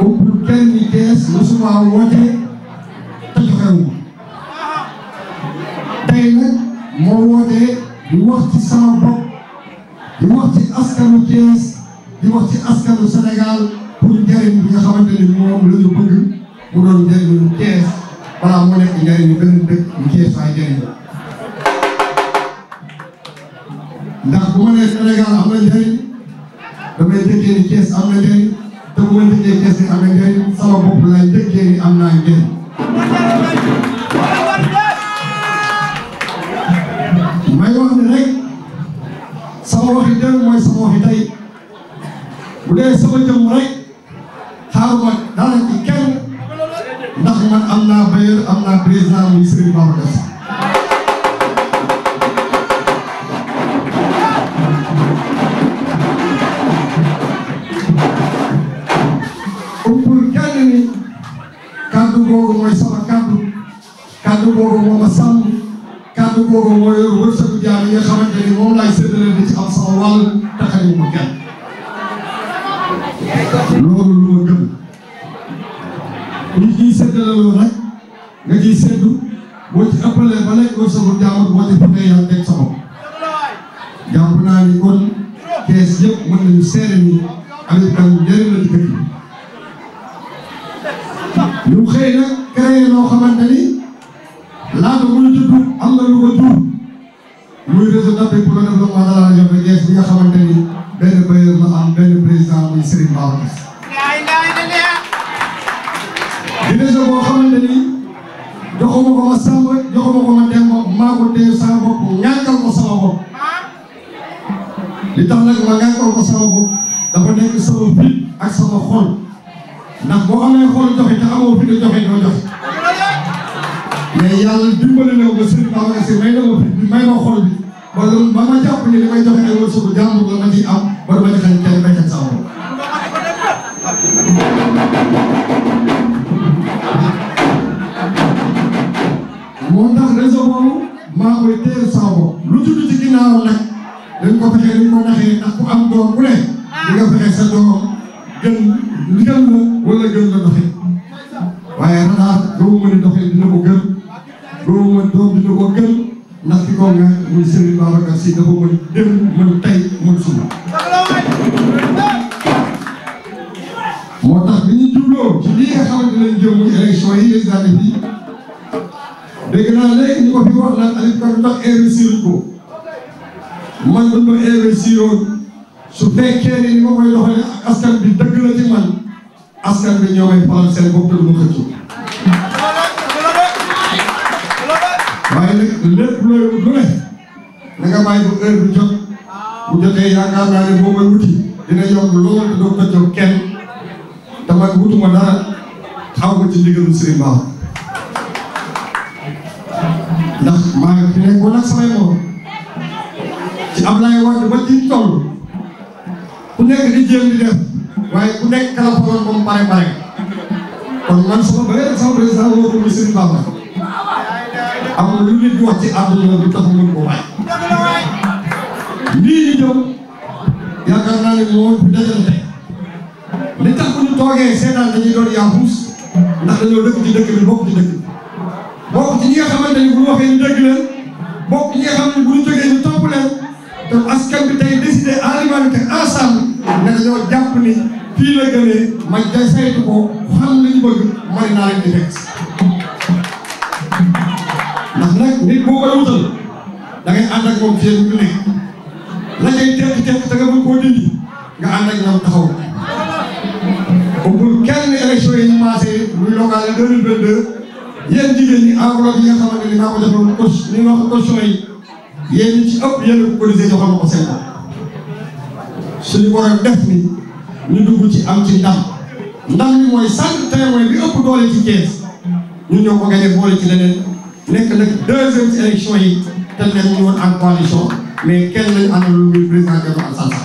ubbi kenn kees musuma woote te joxewuma tey nag moo wootee di wax ci sama bopp di wax ci askanu Kees di wax ci askanu Sénégal pour njëriñ bi nga xamante ni moom la ñu bëgg mu doon njëriñu Kees balaa mu nekk njëriñu benn dëkk ñu Kees waay njëriñ ndax bu ma nee Sénégal am na njëriñ damay dëkkee ni Kees am na njëriñ te bu ma liggéey kees gi amee njëriñ sama bopp lay njëkkee ni am naa njëriñ. may wax ne rek sama waxi démb mooy sama waxi tey bu dee sama jëmm rek. wàll taxawu ma kenn loolu lu ma gëm ñu ciy loolu rek nga ciy séddu boo ci ëppalee ba nekk loolu sama jaamur boo ci bëggee yàlla teg sa ko gis. di réseau boo xamante ni ko ma Samba joxuma ko ma Demba maa ko téye sama bopp ñàkkal ko li tax nag ma ñàkkal ko sama bopp dafa nekk sama fit ak sama xol ndax boo amee xol joxe te amoo fit joxe doo joxe mais yàlla dimbali na ko sëñ Babacar Sy may na ma fit bi may na xol bi ba loolu ba ma jàpp ni li may joxe ay wërsëgu jàmbur la ma ciy am ba dama ci ko fexee ni ko naxee ndax ku am doom bu ah. di nga fexee sa doom gën gën la wala gën la doxee waaye radaar doo mën a doxee dina ko gën doo mën dina ko gën ndax ko nga muy Serigne Babacar Sy dafa mën dem mën tey mën suba moo tax bi ñu jubloo ci lii nga xamante ne jëm muy élection yi législative yi dégg naa léegi ñu ko fi wax naan Aliou Kane ndax investir ko man buñ ma investir woon su fekkee ni ma koy doxalee ak askan bi dëgg la ci man askan bi ñoo may faral seen bopp te ma xëccu waaye nag lépp looy wut lu ne na nga bàyyi ba heure bi jot bu jotee yaakaar naa ne boo may wuti dina yomb lool te doo ko jox kenn te man wutuma dara xaw ko ci ndigalu Serigne Ba ndax maa ngi fi nekkoon ak samay morom ci Ablaye Wade ba ci toll ku nekk di jéem di def waaye ku nekk kala xooloon moom pare pare kon man su ma bëggee sama président woo ko Serigne Bamba lu nit di wax ci àdduna bi tax mun ko waay lii ñu jëm yaakaar naa ne moo fi dajante li tax bu ñu toogee seetaan dañuy doon yaafuus ndax dañoo dëkk ci dëkk bi bokk ci dëkk bi bokk ci ñi nga xamante ni bu ñu waxee ñu dëgg leen bokk ci ñi nga xam ne bu ñu jógee ñu topp leen te askan bi tey décidé en rivalité ensemble ne dañoo jàpp ni fii la ma jay saytu ko xam li ñu bëgg may naa leen di fekk nag nit boo koy wutal da ngay ànd ak moom fii ñu nekk la cay tekk tekk te nga mën koo dindi nga ànd ak ñoom taxaw ko bul kenn élection yi ñu passé muy locale 2022 yéen jigéen ñi enveloppe yi nga xamante ni maa ko joxoon caution ni ma ko yéen ñu ci ëpp yéen a ko cotisé joxoon na ko seen suñu borom def ni ñu dugg ci am ci ndax ndax li mooy sànq témoin bi ëpp doole ci Thiès ñu ñoo ko gagné boole ci leneen nekk nag deuxième ci élection yi te nekk ñu woon en coalition mais kenn lañu àndal lu muy président Thierno Alassane Sall.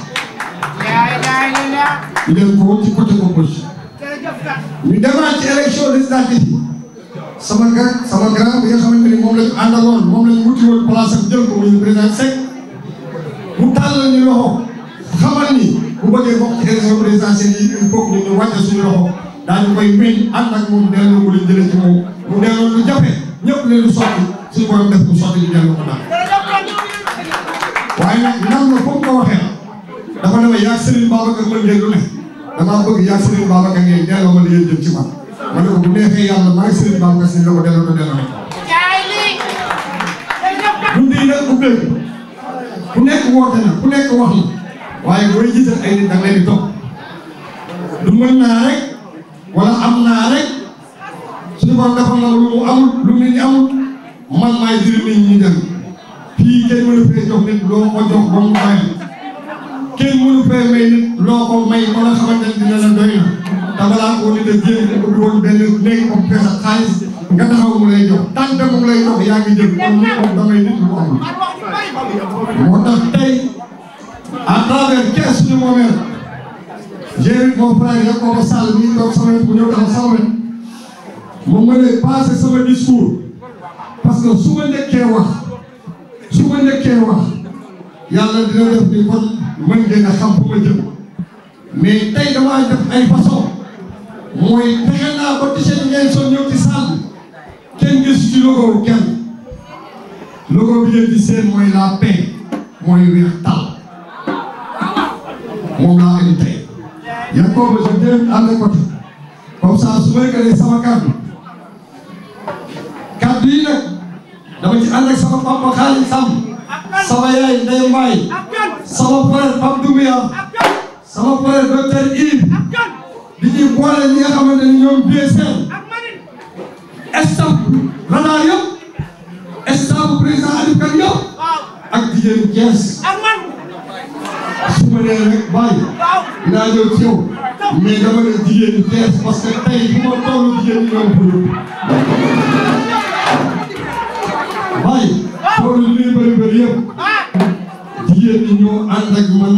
ñu dem ko ci côté opposition. ñu demaat ci élection sama grand sama grand bi nga xamante ni moom la ñu àndaloon moom la ñu wuti woon place am jël ko muy président Seck mu tàllal ñu loxo xamal ni bu bëggee bokk ci élection présidentielle yi il faut que ñu wàcce suñu loxo daañu koy meññ ànd ak moom delloo ko leen jëlee ci moom mu delloo lu jafe ñëpp leen lu sotti suñu borom def bu sotti ñu delloo ko daal. waaye nag ndax nag foofu ko waxee dafa demee yaa Serigne Babacar mën ngeen lu ne damaa bëgg yaa Serigne Babacar ngeen delloo ma li ngeen jëm ci man. ma ne bu neexee yàlla maa si ne ko delloo ko delloo dund yi nag ubbeeku ku nekk woote na ku nekk wax na waaye booy jiital ay nit da nga topp du mën naa rek wala am naa rek suñu borom na lu mu lu nit ñi man maay jëriñ nit ñi dem fii kenn mënu fee jox nit loo ko jox ba mu bàyyi kenn mënu fee may nit loo ko may ba nga xamante ne dina la te jéem a ubbi woon benn léegi am fees ak xaalis nga taxaw mu lay jox tant que mu lay jox yaa ngi jël kon kon damay nit mu amul. moo tax tey à travers kees suñu moomeel jéem mon frère Yacoba Sall mii toog sama bu ñëw taxaw sama wet mu mën a passé sama discours parce que su ma njëkkee wax su ma njëkkee wax yàlla dina def ni kon mën ngeen a xam fu ma jëm mais tey damaa def ay façon. mooy fexe naa ba t-shirt ngeen sol ñëw ci salle bi kenn gisu ci logo wu kenn logo bi ngeen mooy la paix mooy weex tàll moom laa indi tey yaa ngi ko ba je viens à l' côté comme ça su ma yëgalee sama kàddu kàddu yi nag dama ci ànd ak sama papa xaalis Samb sama yaay Ndeye Mbaye sama frère Pape Doumbia sama frère docteur di ci boole ñi nga xamante ni ñoom BSL staff radar yëpp staff président Aliou Kane yëpp ak jigéen Thiès su ma nee rek bàyyi naa ñëw ci yow mais dama ne jigéen ñi ma toll jigéen ñi ñoom ko yóbbu li muy bëri bëri yëpp jigéen ñi ak man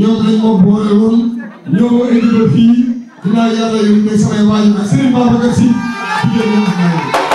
ñoom lañ ma boole woon ñoo ma indi ba fii dinaa yàlla yónnee samay waajur ak Serigne Babacar Sy diggante ak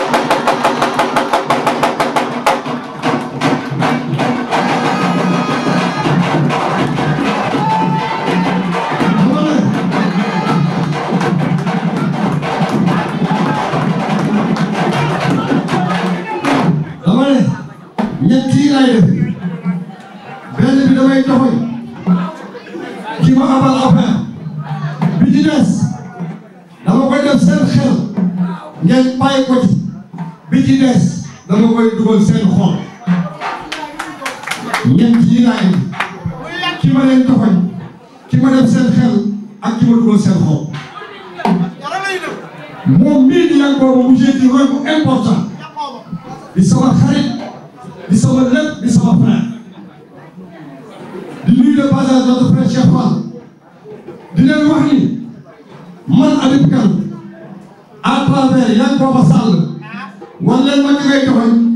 ñett yi laay ki ma leen joxoñ ki ma def seen xel ak ki ma dugal seen xol moom mii di Yankhoba mu jeeti roy bu important di sama xarit di sama lépp di sama frère di nuyu de passage notre frère Cheikh Fall di leen wax ni man Habib Kane à travers Yankhoba Sall wan leen ma ngay joxoñ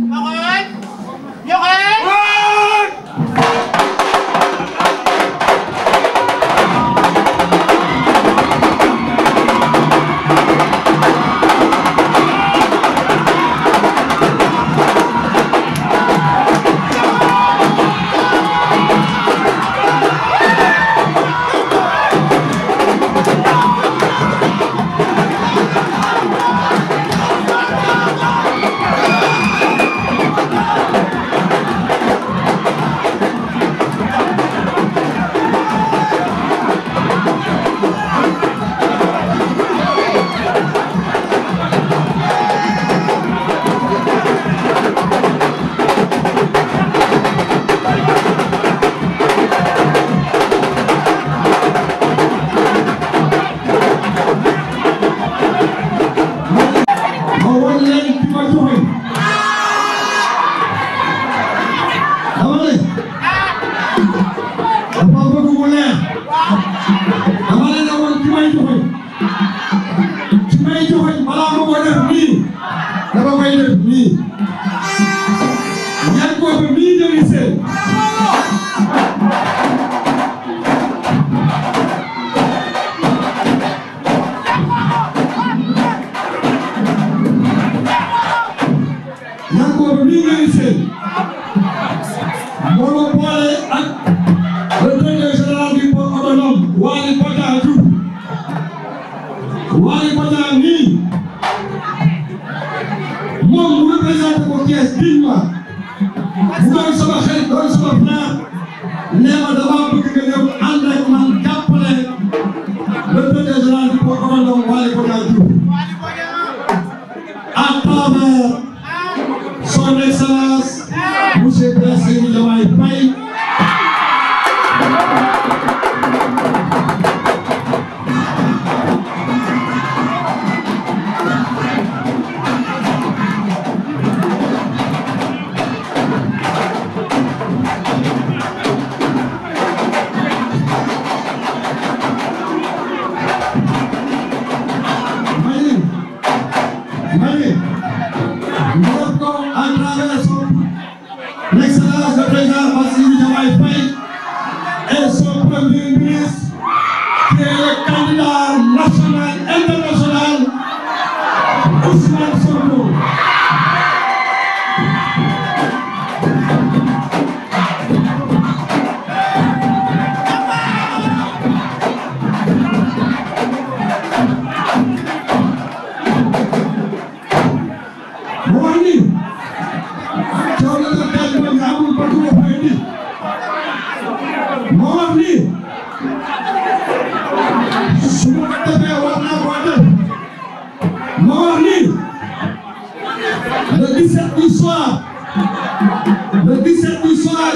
faveur son excellence monsieur Bassirou Diomaye Faye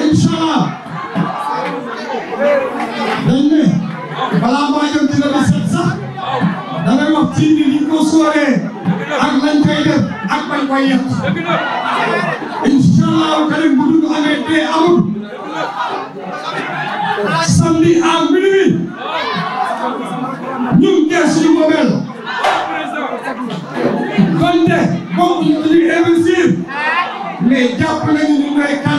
incha allah dañ ne balaa maa jëm dina la set sax da ngay wax ci ni ñu ko sóoree ak lañ koy def ak bañ koy yàq incha allah karim bu dugg angay dee amul samedi à minuit ñu ngi dee suñu mobile kon de bokk ñu investir mais jàpp nañu ñu ngay kan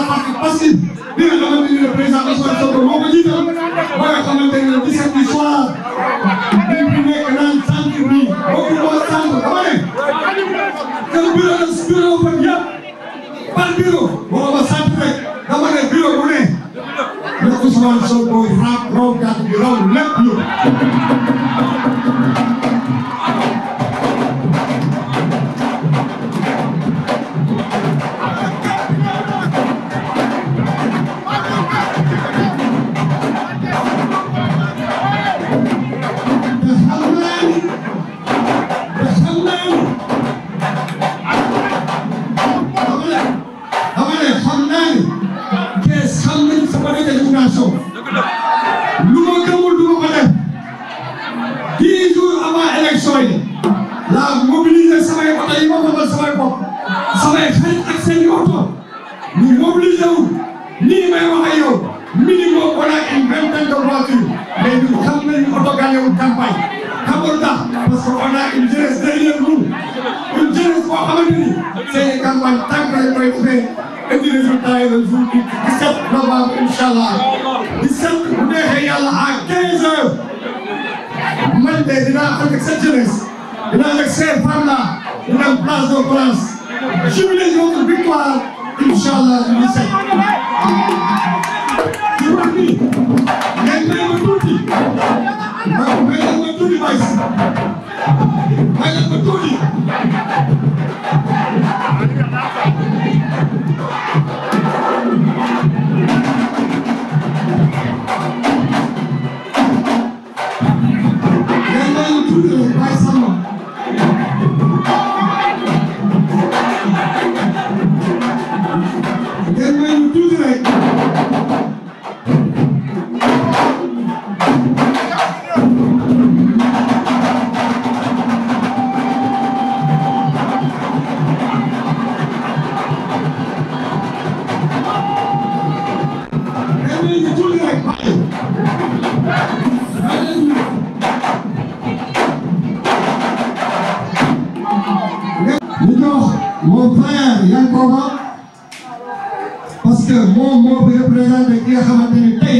la partie passive bi nga xamante ni le président Ousmane Sonko moo ko jiital ba nga xamante ni novembre incha allah di sant bu neexee yàlla à 15 heures man de dinaa ànd ak cette jeunesse dinaa ànd ak ces femmes là dina am place de France jubilé notre victoire incha allah le 17. di wax ni ngeen may ma tuuti ma may leen ma tuuti Maïs may leen ma tuuti.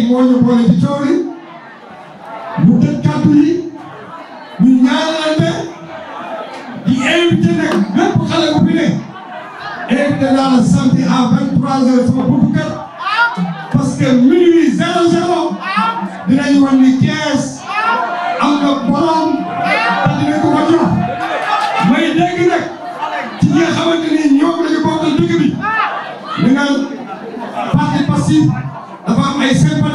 moo ñu boole ci coow li mu tëj kàddu yi ñu ñaanalante di invité xale bu fi ne invité naa la samedi à 23h sama buntu kër parce que minuit zéro zéro dinañu wan ni Thiès am may dégg nag ci ñi nga ni ñoom lañu bokkal dëkk bi ñu naan parti passif dafa am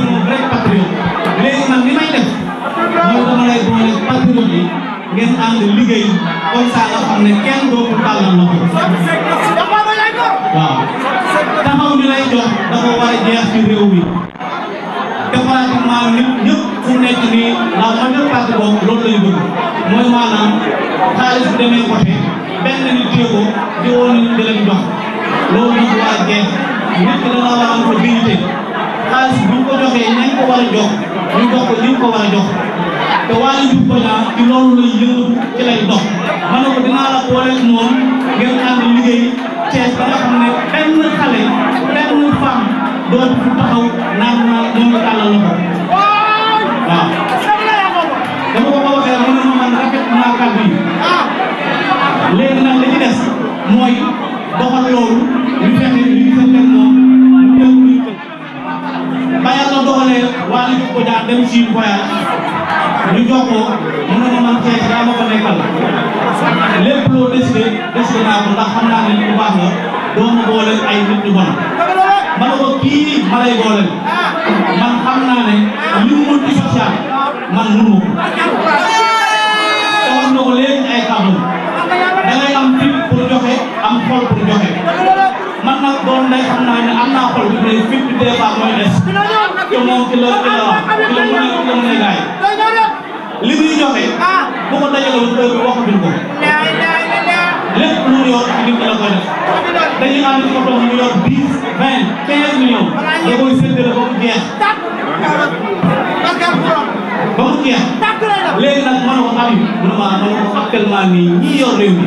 doon un vrai patriote léegi man li may def mooy dama lay boole patriote yi ngeen ànd liggéey comme ça nga xam ne kenn dootul tàllal loxo waaw taxaw bi lay jox dafa war a jeex ci réew mi te pratiquement nit ñëpp fu nekk nii la majeure partie boobu loolu lay bëgg mooy maanaam xaalis bu demee côté benn nit téego di woon di leen jox loolu nag waa jeex nit ki dana war a am ko dignité xaalis bu ñu ko joxee nañ ko war a jox ñu jox ko ñu ko war a jox ko naa ci loolu lay yëngatu ci lay dox ma ne ko dinaa moom ngeen ànd liggéey Thiès ba ne benn xale benn femme dootu fu taxaw naan nañu ñu jox ko mu ne ma man Cees daa ma ko nekkal lépp loo décidé décidé naa ko ndax xam naa ne baax la doo ma boole ay nit ñu ma ne ko kii ma lay boole man xam naa ne mu mën ci man mënu ma ko wax na ko léegi ay kàddu da ngay am fit pour joxe am xol pour xam naa am naa xol bi mais fit bi des fois mooy des te moom ci la ci la ci la mën a ci la mën a gaay li muy joxe bu ko dajaloon heure bi waxatuñ ko lépp lu mu yor ci nit la koy def dañuy ànd ci oto mu yor dix vingt quinze millions da koy séddale ba mu jeex ba mu jeex léegi nag mën na ko am mën na ko actuellement nii ñi yor réew mi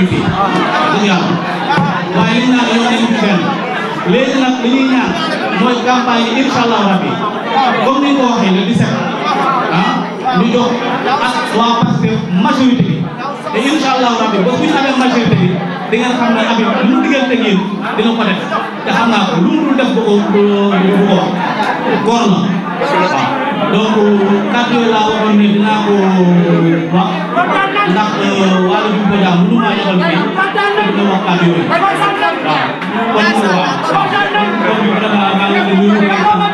bi fii du ñu am waaye ñu naan yoon nañu léegi nag ñuy ñaan mooy campagne yi incha allah rabbi comme ni ko waxee le 17 ah ñu jox ak waa Pastef majorité bi te incha allah rabbi ba ñu amee majorité bi di ngeen xam ne Habib mu diggante ak yéen dina te xam naa ko lu def ba ko bu ko góor la laa waxoon ne dinaa ko wax. ndax waa Louga bi daal mënu maa joxal fii pour nga wax kàddu yooyu waaw kon waaw kon vraiment maa ngi leen di nuyu